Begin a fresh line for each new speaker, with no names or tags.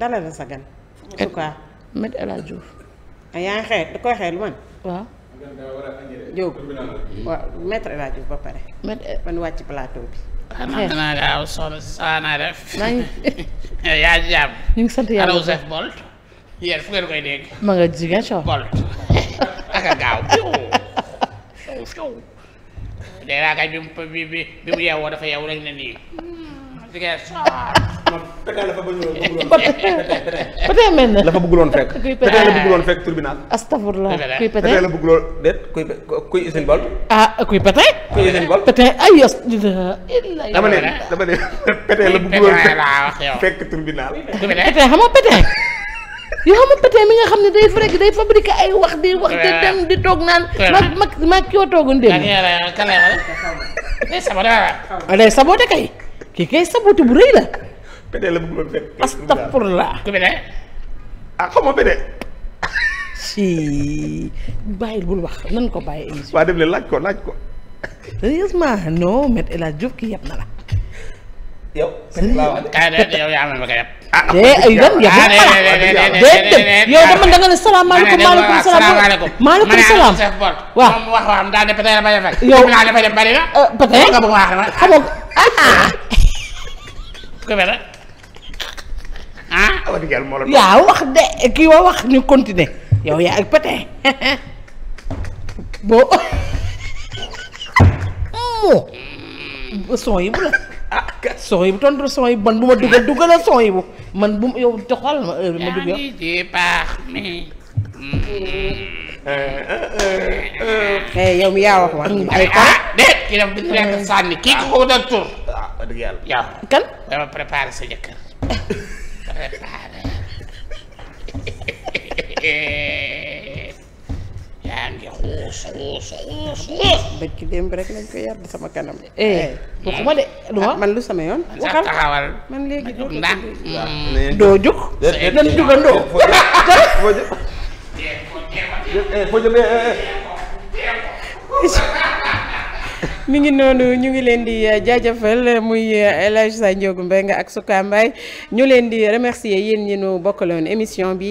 dalal la sa gan. en tout cas Maître ah, yaa ngi xeet da koy xeet lu man. waaw. Diop waaw Maître El ba pare. Maître man wàcc plateau bi. Ah, xeet naa def. maa ngi eh, yaa jàmm. sant yàlla Joseph Bolt. yéen fu ngeen koy ma nga jigéen soo bi mu bi bi mu yeewoo jigéen hmm, soo. pétain la fa bëgg loon bëgg loon fekk. pétain mel na. la fa bëgg loon fekk. kuy pétain pétain la bëgg loon fekk tribunal. astafurlah kuy pétain pétain la bëgg loon déet kuy kuy usine bolt. ah kuy pétain. kuy usine bolt pétain ay yos. dama ne dama ne pétain la bëgg loon fekk tribunal. pétain xam nga pétain. yoo xam pétain mi nga xam ne day fekk day fabriquer ay wax di wax di dem di toog naan. mag mag mag kii woo toogoon démb. day euh, euh. saboté kay kii kay saboté bu rëy la. pédé la bëggoon fekk. astafurlah ku pédé. ah xaw ma pédé. si bàyyil bul wax nan ko bàyyi émission. waa dem leen laaj ko laaj ko. sérieusement non Me El Hadj Diouf ki yab na la. yow. yow yaa ma ko yab. ah, ah, ah ay yoon yab na la déedéet yow dama da nga ne salaamaaleykum maaleykum salaam maaleykum salaam. waaw moom wax waxam daal ne peut être dafay def. yow naa dafay def bari na. Euh, peut être nga bëgg wax rek. xam nga ah. ku ah, ah wax dëgg yaa wax de kii wa wax ñu continuer yow yaa ak pété boo moo son yi bu la ah yi bu tontu son yi man bu ma dugal dugalal son yi bu man bu yow te xool ma heure bi ma dugg eh, eh, eh, yow. mi yaa wax wax. Ah, kii ko ko doon ah, kan yaa ngi xuus xuus xuus xuus. dëkk démb rek lañ ko yar di sama kanam. waxuma de lu ma man lu sama yoon. waxal man léegi doo jóg doo jóg. déedéet déedéet déedéet déedéet déedéet déedéet mi ngi noonu ñu ngi leen di eh, jaajëfal eh, muy eh, El Hadj Sa Ndiogou Mbengue ak Souka Mbaye ñu leen di remercier yéen ñi nu bokkaloon émission bi.